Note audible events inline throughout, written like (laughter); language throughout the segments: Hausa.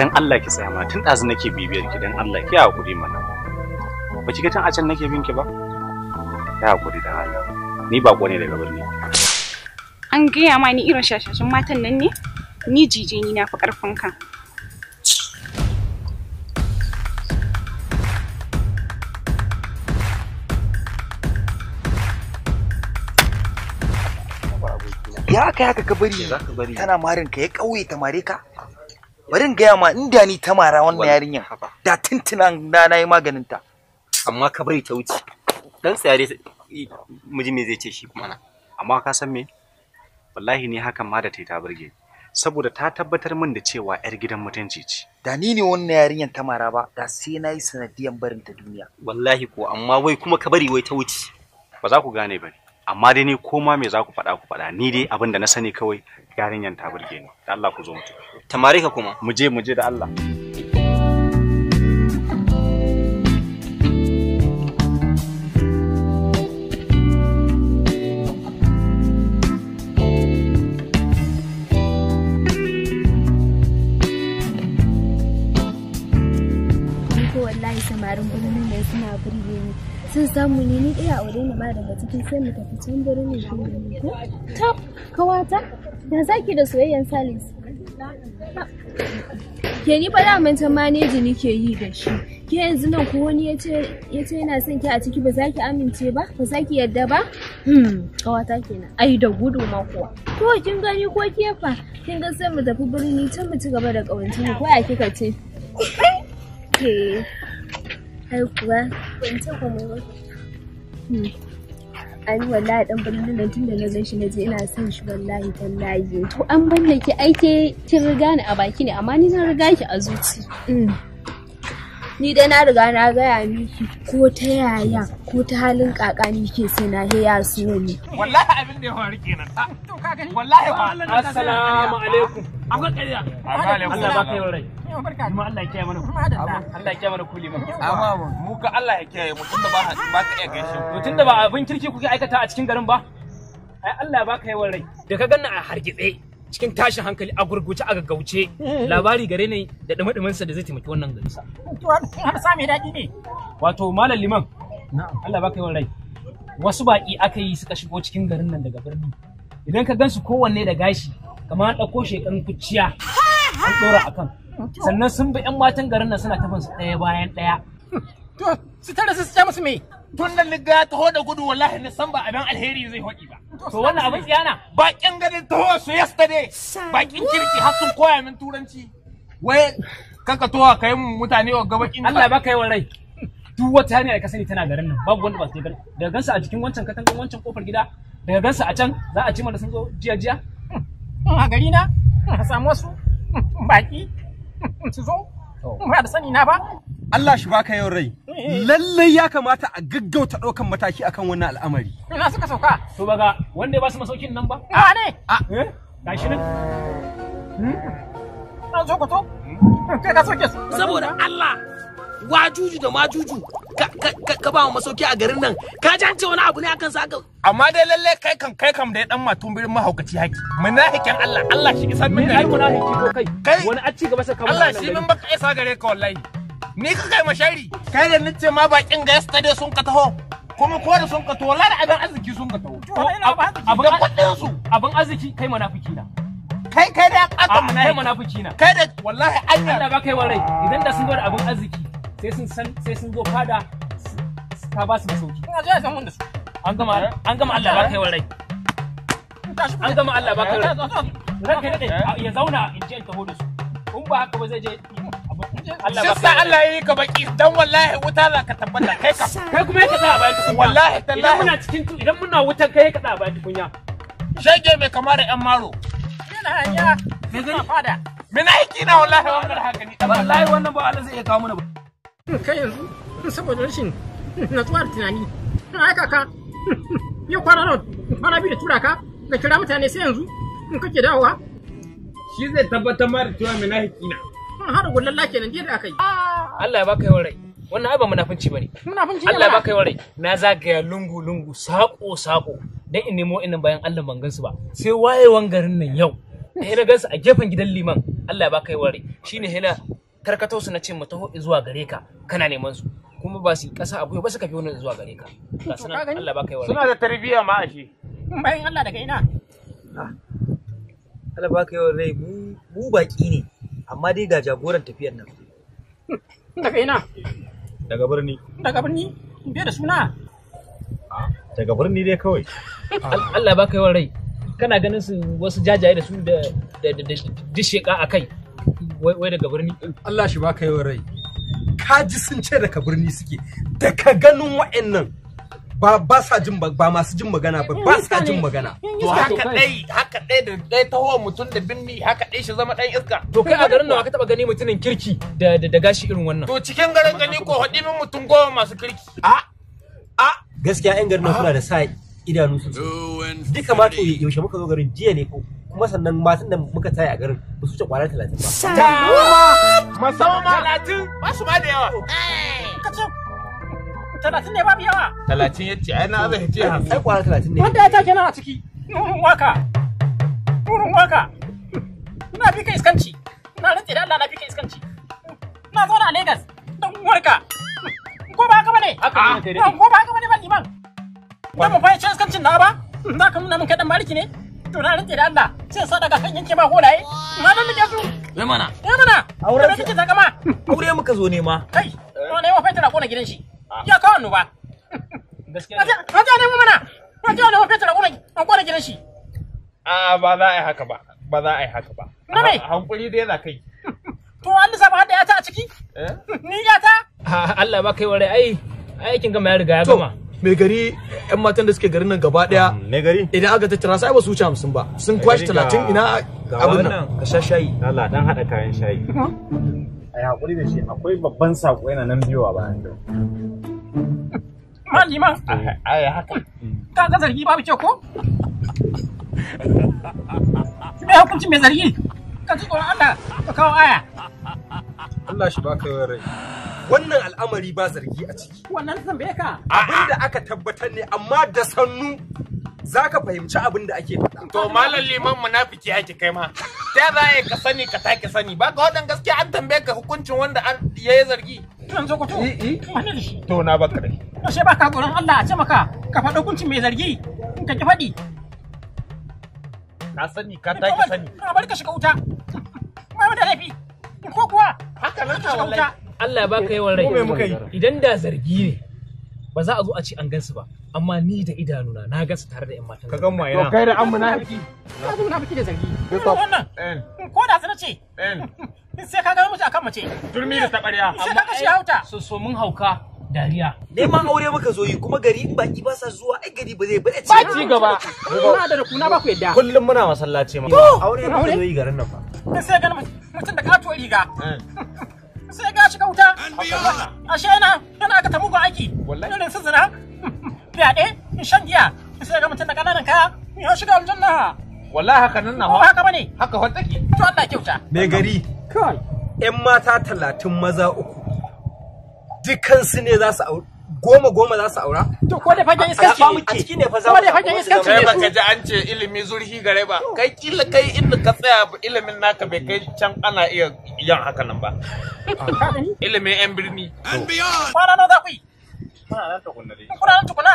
dan Allah ki tsaya ma tun ɗazu nake bibiyar ki dan Allah ki hakuri mana ba ki ga tun a can nake binki ba ki hakuri dan Allah ni ba ne daga birni an gaya ma ni irin shashashin matan nan ne ni jije ni na fi karfin ka ya kai haka ka bari tana marin ka ya kauye ta mare ka bari in gaya ma inda ni ta mara wannan yarinyar da tuntuna na nayi maganin ta amma ka bari ta wuce dan tsare miji me zai ce shi kuma na amma ka san me wallahi ni hakan ma da ta ta burge saboda ta tabbatar min da cewa yar gidan mutunci ce da ni ne wannan yarinyar ta mara ba da sai nayi sanadiyan barin ta duniya wallahi ko amma wai kuma ka bari wai ta wuce ba za ku gane ba amma dai ni koma me za ku faɗa ku faɗa ni dai abin da na sani kawai yarinyar ta burge ni da Allah ku zo mu tafi tamare ka kuma mu je mu je da Allah samarin birnin mai suna sun samu ne ni ɗaya aure da ba daga cikin sai mu tafi can birnin ko kawata Ya ki da soyayyen Salis. Ke ni fa daman ta maneji nake yi da shi. Ke yanzu nan ko wani ya ce yana son ki a ciki ba za ki amince ba? Ba za ki yadda ba? Hmm, kawata kenan. Ai da gudu ma kuwa. kin gani ko kefa? Kin ga sai mu tafi birni can mu ci gaba da ƙawancin ko ya kika ce? Ke. Ai kuwa, ban ce Hmm. an wallahi dan birnin nan tunda na zan shi na je ina son shi wallahi tallahi to an banne ki aiki kin riga ni a baki ne amma ni zan riga ki a zuci mm. ni dai na riga na gaya miki ko ta yaya ko ta halin kaka ni ke sai na he ya so ni wallahi abin da ya faru kenan ah, to ka gani wallahi assalamu alaikum ah, akwai ƙarya Allah baka yi rai mu Allah ya kiyaye mana Allah ya kiyaye mana kuli mun amma mu ka Allah ya kiyaye mu tunda ba ba ka iya gaishe to tunda ba abin kirki kuke aikata a cikin garin ba ai Allah ya baka yawan rai da ka ganna a hargitse cikin tashin hankali a gurguce a gaggauce eh. labari gare ne da dumi sa da zai taimaki wannan gari sa. mai daɗi ne. Wato Malam Liman. Allah baka yawan rai. Wasu baƙi aka yi suka shigo cikin garin nan daga birni. Idan ka gansu kowanne da gashi kamar an ɗauko kuciya an ɗora akan. Sannan sun bi 'yan matan garin nan suna tafin su ɗaya bayan ɗaya. To, su tare su musu me? Tun nan liga taho da gudu wallahi na san ba abin alheri zai hoki ba. to wannan abin tsiyana bakin garin taho su yesterday bakin kirki har sun koya min turanci wai kanka towa kai mun mutane wa gabakin Allah baka yi wa rai duk wata hanya da ka sani tana garin nan babu wanda ba su garin daga gansa a jikin wancan katangan wancan kofar gida daga gansu a can za a ci mana sun zo jiya jiya hmm, a gari na hmm, a samu wasu hmm, baki su zo ba da sani na ba Allah shi baka yau rai lallai ya kamata a gaggauta ɗaukan mataki akan wannan al'amari ina suka sauka to baka wanda ya ba su masaukin nan ba a ne a eh? gashi nan hmm? an zo kwato kai ka sauke su saboda Allah wajuju da majuju ka ba masauki a garin nan ka jance wani abu ne akan sa amma dai lalle kai kan kai kam da dan matun birin mahaukaci haki munafikin Allah Allah shi isa min da ai munafiki kai wani a ci gaba sa kamar Allah shi min baka isa gare ka wallahi ni ka kai mashari kai da nace ma bakin ga yesterday sun ka taho kuma ko da sun ka taho lar abin arziki sun ka taho abin kudin su abin arziki kai munafiki na kai kai da aka munafiki kai munafiki na kai da wallahi Allah ba kai warai idan da sun ga abin arziki sai sun san sai sun zo fada ta ba su masauki ina zo san mun da su an gama an gama Allah ba kai warai an gama Allah ba kai warai ya zauna in je in taho su in ba haka ba zai je Shista Allah yi ka baki dan wallahi wuta za ka tabbata kai ka kai kuma ka tsaya bayan tukunya wallahi tallahi idan muna cikin idan muna wutan kai ka tsaya bayan tukunya shege mai kama da yan maro yana hanya me gani fada mina hiki na wallahi wannan haka ni wallahi wannan ba Allah zai iya kawo mana ba hmm, kai yanzu hmm, saboda rashin hmm, natsuwa da tunani ai ka yau kwana nan kwana biyu da tura ka da kira mutane sai yanzu in kake dawowa shi zai tabbatar ma da cewa mina hiki na Mun har gullalla nan jiya da aka yi. Ah. Allah ya baka yawan rai. Wannan ai ba munafunci bane. Munafunci ne. Allah ya baka yawan rai. Na zagaya lungu lungu sako sako dan in nemo innan bayan Allah ban gansu ba. Sai wayewan garin nan yau. Da ina gansu a gefen gidan liman. Allah ya baka yawan rai. Shine hina karkato su na ce mu taho zuwa gare ka kana neman su. kuma ba su kasa abu ba suka fi wani zuwa gare ka ga suna Allah baka yawan rai suna da tarbiyya ma ashe bayan Allah daga ina ah. Allah baka yawan rai mu baki ne amma dai ga jagoran tafiyar nan (laughs) daga ina daga birni daga birni bai da suna daga birni dai kawai (laughs) Allah ba yawan rai kana ganin su wasu jajaye da su da disheka a kai wai daga birni Allah shi baka yawan rai kaji sun ce daga birni suke daga ganin wa'annan ba ba sa jin ba masu jin magana ba ba sa jin magana to haka dai haka dai da dai taho mutum da binni haka dai shi zama dan iska to kai a garin nawa ka taba gani mutumin kirki da da gashi irin wannan to cikin garin gani ko hadi min mutum goma masu kirki a a gaskiya yan garin nan kuna da sa idanu su duka ma to yaushe muka zo garin jiya ne ko kuma sannan matan da muka tsaya a garin ba su ce kwana talatin ba. Musamman talatin ba su ma da yawa. Eh! Ka talatin ne babu yawa talatin ya ce ai na zai ce hamsin ah, ai kwara talatin ne wanda ya take nan a ciki nurin waka nurin waka na fi ka iskanci na rantse da Allah na fi ka iskanci na zauna na Lagos don warka ko ba haka bane haka ne ah, ko ba haka bane ba liman da mun fahimci iskancin na ba za ka nuna min kai dan mariki ne to na rantse da Allah sai sa daga kan yanke ba holaye na dan nake su yamana yamana aure kike ta kama aure muka zo ne ma kai to ne wa faita na kona gidan shi Ya kawo annoba. Gaskiya. An ta nemo mana. An ta nemo fetur a kwana gidan shi. A'a ba za a yi haka ba. Ba za a yi haka ba. Nane. Hankuri dai na kai. To an lissafa har da yata a ciki? Eh? Ni ta. Allah ba kai ware ai aikin gama ya riga ya gama. Mai gari yan matan da suke garin nan gaba daya. Mai hmm, gari? Idan aka tattara sai ba su wuce hamsin ba. Sun kwashi talatin ina abin nan. Ka sha shayi. Allah dan hada kayan shayi. Ai haƙuri da shi akwai babban saƙo yana nan biyowa bayan da. malima ai haka ka ga zargi babu kyau ko me hukunci mai zargi ka ji tsoron Allah ka kawo aya Allah shi baka rai wannan al'amari ba zargi a ciki wannan tambaye ka abinda aka tabbatar ne amma da sannu za ka fahimci abin da ake faɗa. To malam liman munafiki ake kai ma. Ta za a ka sani ka take sani ba ka wadan gaskiya an tambaye ka hukuncin wanda ya yi zargi. Zan zo ku to. To na baka dai. yaushe ba ka tsoron Allah a ce maka ka faɗa hukuncin mai zargi in ka ki faɗi. Na sani ka ta ki sani. Ka bari ka shiga wuta. Ba da laifi. Ko kuwa. Haka nan ta wallahi. Allah ya baka yawan rai. Idan da zargi ne ba za a zo a ce an gansu ba. Amma ni da idanuna na su tare da 'yan matan. Ka gan ma yana. To kai da an munafiki. Ka zo munafiki da zargi. Wannan. Ko da sun ce. (laughs) Sai ka ga mace akan mace. Turmi da taɓarya. Sai ka ga shi hauta. So so mun hauka. dariya neman aure maka zo yi kuma gari in baki ba sa zuwa ai gari ba zai ba ba ci gaba kuna da kuna ba ku yadda kullum muna masallaci ma aure muka zo yi garin nan fa sai ga mutum da katuwar riga sai ga shiga wuta ashe na kana aka tamu ga aiki wallahi ne sun zina fyaɗe shan giya sai ga mutum da kananan kaya ya shiga aljanna wallahi haka nan na ko haka bane haka hon to Allah kyauta me gari kai ƴan mata talatin maza uku su ne za su aure goma goma za su aura to ko da fagen iska ne a ciki ne fa za ko da fagen iska ne ba ka ji an ce ilimi zurhi gare ba kai kila kai inda ka tsaya ilimin naka bai kai can ana iya yin haka nan ba ah, ilimin yan birni and beyond kwana nawa za ku yi kuna nan tukuna dai kuna nan tukuna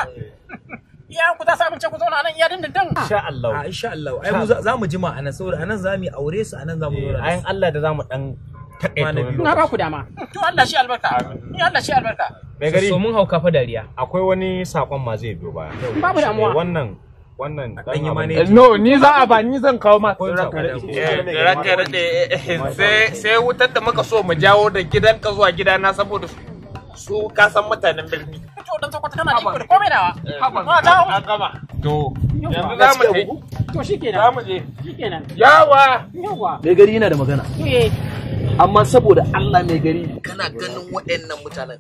iyayen ku za su amince ku zauna nan iya dindindin ah, insha Allah ah, insha Allah ai za mu jima anan saboda anan za mu aure su anan za mu zauna eh, ayin Allah da za mu dan Eh, na ba ku dama to Allah shi albarka ni Allah shi albarka mai gari so mun hauka dariya akwai wani sakon ma zai biyo baya babu damuwa eh, wannan wannan no ni za a ba ni zan kawo ma ranka eh, rade sai wutar da muka so mu jawo da gidanka zuwa gidana saboda su ka san mutanen birni to dan takwata kana ji da komai dawa haba na gama to yanzu za mu je to shikenan za mu je shikenan yawa yawa mai gari yana da magana eh amma saboda Allah mai gari kana ganin waɗannan mutanen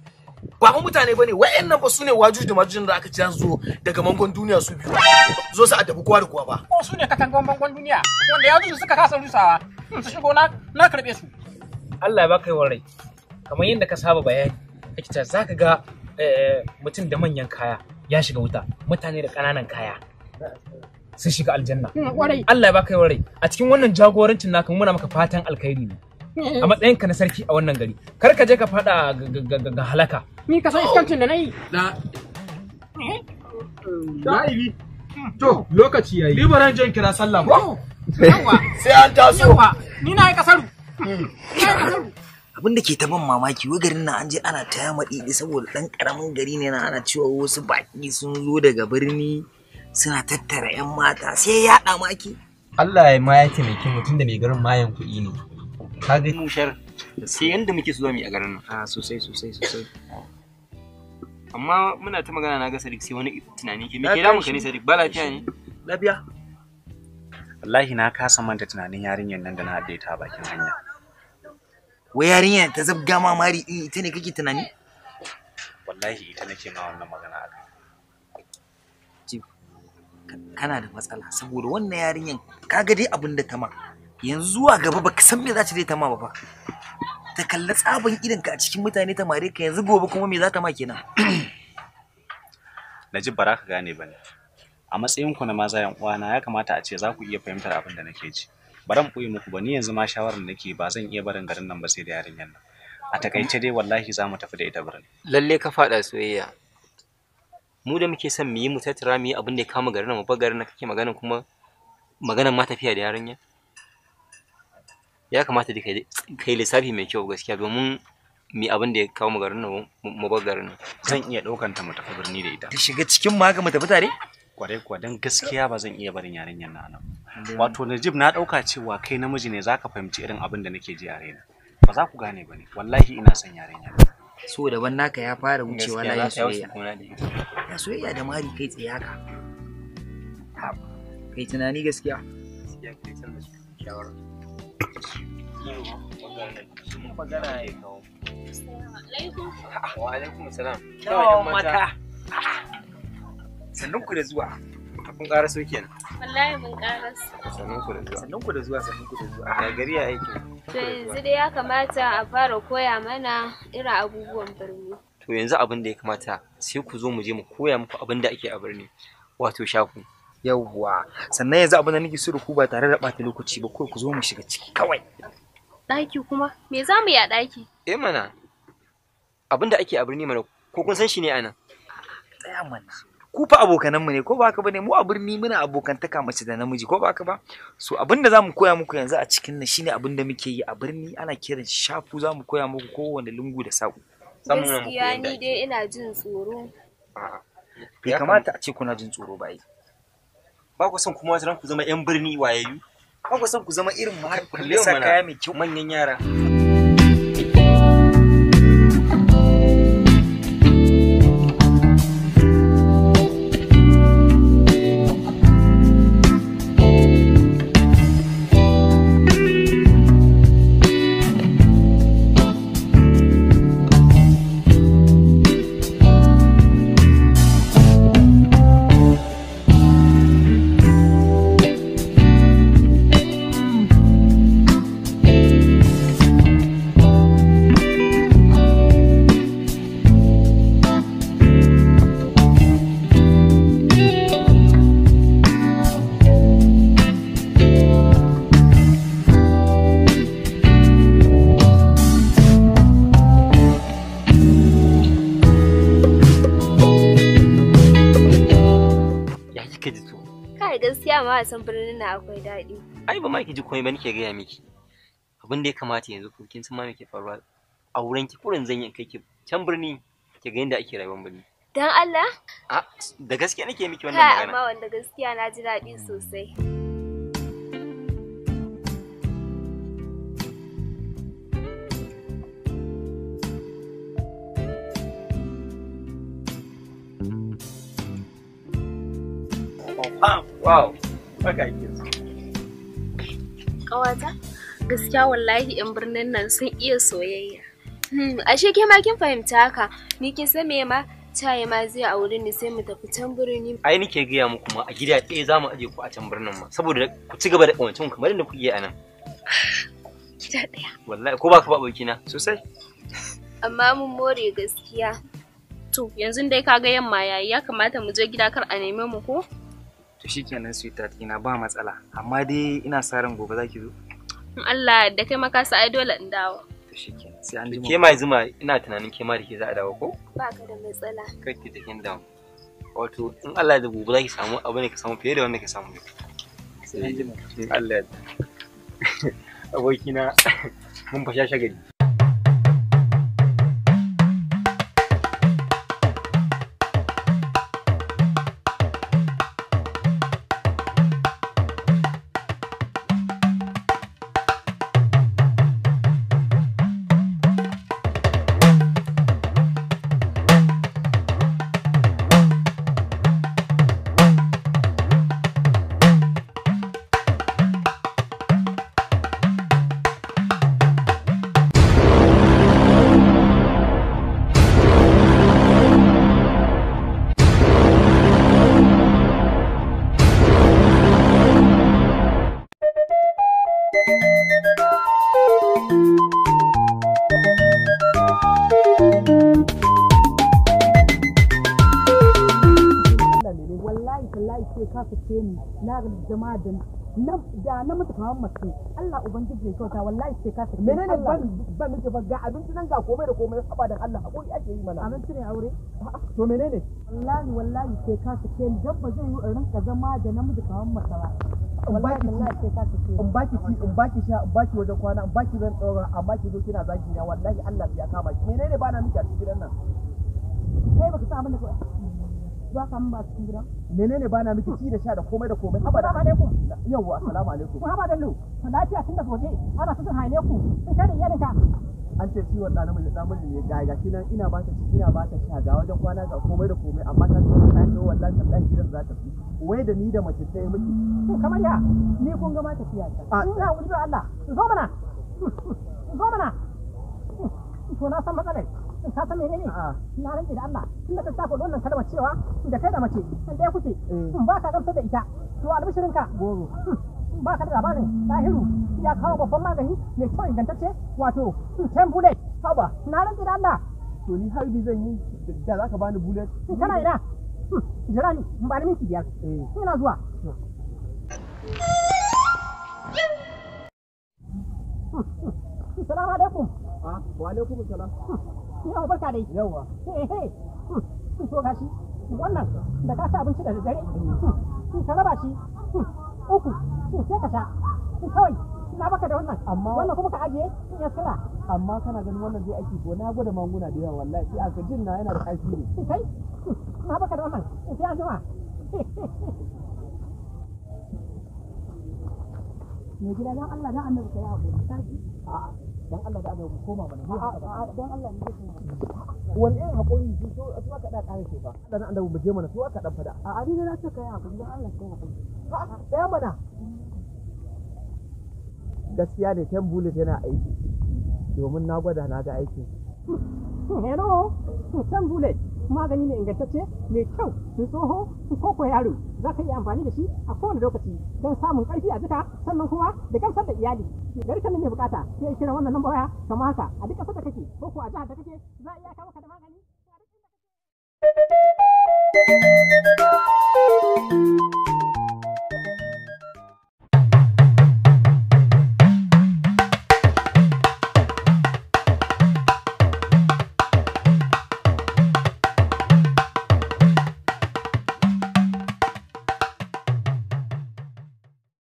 ba fa mutane bane waɗannan ba sune wajuji da majujin da aka ci zo daga mangon duniya su biyu zo su addabi kowa da kowa ba ko sune katangon mangon duniya wanda ya yajuji suka kasa rusawa hmm, su shigo na na karbe su Allah ya baka yawan rai kamar yadda ka saba bayani kake ta zaka ga eh, mutum da manyan kaya ya shiga wuta mutane da ƙananan kaya sun shiga aljanna hmm, Allah ya baka yawan rai a cikin wannan jagorancin naka muna maka fatan alkhairi ne a matsayin ka na sarki a wannan gari kar ka je ka fada ga halaka ni ka san iskancin da nayi da na'ibi to lokaci yayi ni jan kira sallah ba sai an taso ni hmm. na yi kasaru abin da ke ta ban mamaki wai garin nan an je ana ta yama ɗiɗi saboda ɗan ƙaramin gari ne na ana cewa wasu baƙi sun zo daga birni suna tattara 'yan mata sai ya ɗa maki. Allah ya ma ya taimaki mutum da mai garin mayan kuɗi ne. Ka mu shar sai yanda muke zuwa mu yi a garin nan a ah, sosai sosai sosai amma muna ta magana na ga Sadiq sai wani tunani ke muke ke damun Sadiq ba lafiya ne lafiya wallahi na kasa manta tunanin yarinyar nan da na haɗe ta bakin hanya wai yarinyar ta zabga ma mari din eh, ita ne kake tunani wallahi ita nake ma wannan magana akai kana da matsala saboda wannan yarinyar kaga dai abin da ta ma yanzu zuwa gaba baka san me za ta ta ma ba ta kalla tsaban irin ka a cikin mutane ta mare ka yanzu gobe kuma me za ta ma kenan (clears throat) ji bara ka gane bane a matsayin ku na maza yan uwana ya kamata a ce za ku iya fahimtar abin da nake ji Baran mu koyi muku ba ni yanzu ma shawarar nake ba zan iya barin garin nan ba sai da yarinyar nan a takaice dai wallahi za mu tafi da ita birni lalle ka faɗa soyayya mu da muke son mu yi mu tattara mu yi abin da ya kama garin nan mu garin nan kake magana kuma maganar ma tafiya da yarinya ya kamata da kai lissafi mai kyau gaskiya domin mi abin da ya kawo mu garin nan mu bar garin nan zan iya daukan ta mu tafi birni da ita ta shiga cikin mu ga mu tafi tare kwarai kuwa don gaskiya ba zan iya barin yarinyar nan nan wato najib na dauka cewa kai namiji ne zaka fahimci irin abin da nake ji a raina ba za ku gane bane wallahi ina son yarinya so ban naka ya fara wucewa na yi soyayya ya soyayya da mari kai tsaye haka kai tunani gaskiya gaskiya kai san shawara magana ya mata. Sannan ku da zuwa. Kun karaso kenan. Wallahi mun ƙara Sannan ku da zuwa. Sannan ku da zuwa, sannan ku da zuwa. A gari a aiki. To yanzu dai ya kamata a fara koya mana irin abubuwan birni. To yanzu abin da ya kamata sai ku zo mu je mu koya muku abin da ake a birni. Wato shaku. yauwa sannan yanzu abin da nake so da ku ba tare da ɓata lokaci ba kawai ku zo mu shiga ciki kawai ɗaki kuma me za mu yi a ɗaki eh mana abin da ake a birni mana ko kun san shi ne anan tsaya mana ku fa abokanan mu ne ko ba ba bane mu a birni muna abokantaka mace da namiji ko ba ka ba so abin da zamu koya muku yanzu a cikin nan shine abin da muke yi a birni ana kiran shafu zamu koya muku kowane lungu da saƙo gaskiya ni dai ina jin tsoro bai kamata a ce kuna jin tsoro ba yi ba ku son kuma wasu ranku zama 'yan birni wayayyu ba ku son ku zama irin mu har mana mai kyau manyan yara san birnin na akwai daɗi. Ai ba ma ki ji komai ba nake gaya miki. Abin da ya kamata yanzu ko kin san ma me ke faruwa a wurin ki kurin zan yi kai ki can birni ki ga yadda ake rayuwar birni. Dan Allah? A da gaskiya nake miki wannan magana. Kai amma wanda gaskiya na ji daɗi sosai. Ah, wow. Ƙawata, gaskiya wallahi 'yan birnin nan sun iya soyayya. Hmm, ashe ke ma kin fahimta haka, ni kin san me ma caye ma zai aure ni sai mu tafi can birni. Ai nike gaya muku ma a gida ɗaya za mu ajiye ku a can birnin ma, saboda ku ci gaba da ƙawancin kamar yadda kuke a nan. (sighs) Gida ɗaya. Wallahi ko ba ka ba abokina sosai. Amma mun more gaskiya. To yanzu dai ka ga yamma yayi ya kamata mu je gida kar a neme mu ko? to shikenan sweetheart na ba matsala amma dai ina sa ran gobe zaki zo in Allah da kai maka sa ai dole in dawo to shikenan sai an ke mai zuma ina tunanin ke ma da ke za a dawo ko ba ka da matsala kai ki tafi da wato in Allah da gobe zaki samu abu ne ka samu fiye da wanda ka samu sai an ji in Allah ya (laughs) abokina mun fasha shagali ka fice ni na zama da da mace Allah ubangiji ya kyauta wallahi sai ka fice menene ban ban miki ba ga abinci nan ga komai da komai haba Allah hakuri ake yi mana abinci ne aure to menene wallahi wallahi sai ka fice ni dan ba zai yi irin zama da namiji kamar mace ba in baki ci in baki ci in baki sha in baki wajen kwana in baki zan tsora amma ki zo kina zagi na wallahi Allah ya kama ki menene bana miki a cikin gidan nan kai baka sa abin da ba ka ba cikin gidan menene bana miki ci da sha da komai da komai haba da alaikum yawa assalamu alaikum haba da lu lafiya tun da waje ana cikin haine ku in kada iyalinka an ce ciwon ɗan namiji ɗan namiji ne ga gashi nan ina ba ta ci ina ba ta sha ga wajen kwana ga komai da komai amma ta ce ta yi wallahi ta ɗan gidan za ta fi wai da ni da mace ta yi miki to kamar ya ni kun ga ma tafiya ta ina wuri da Allah zo mana zo mana to na san matsalai ka san menene na rantsi da Allah tunda ta sako wannan kalmar cewa da kai da mace in ɗaya kuke eh. ba ka gamsar da ita to albishirinka gogo. Hmm. ba ka da labarin hiru ya kawo babban magani mai kyau ingantacce wato ten bullet haba na rantsi da Allah to ni bi zan yi da za ka bani bullet kana ina hmm, jira ni in ba ni minti biyar eh. ina zuwa hmm. Hmm, salamu alaikum wa alaikum salam yawa barka dai yawa eh eh ka shi. wannan da ka ci abinci da dare ka raba shi uku to sai ka sha kawai na baka da wannan amma wannan kuma ka ajiye in ya sala amma kana ganin wannan zai aiki ko na gwada manguna da yawa wallahi sai aka jin na yana da kashi ne kai na baka da wannan sai an jima ne gida dan Allah dan annabi kai hakuri dan Allah da annabi koma bana dan Allah ne zai wani irin haƙuri su so su aka da ƙarin shi ba da nan annabi mu je mana su aka dan fada a ani na ce kai haƙuri dan Allah kai haƙuri ha ɗaya mana gaskiya ne ten bullet yana aiki domin na gwada na ga aikin hello ten bullet magani ne ingantacce mai kyau su tsoho koko yaro za ka iya amfani da shi a kowane lokaci don samun karfi a jika sannan kuma da gamsar da iyali garkan da mai bukata sai kira wannan lamba waya kamar haka a duk ƙasar da kake ko ko a jihar da kake za a iya kawo ka da magani Thank you.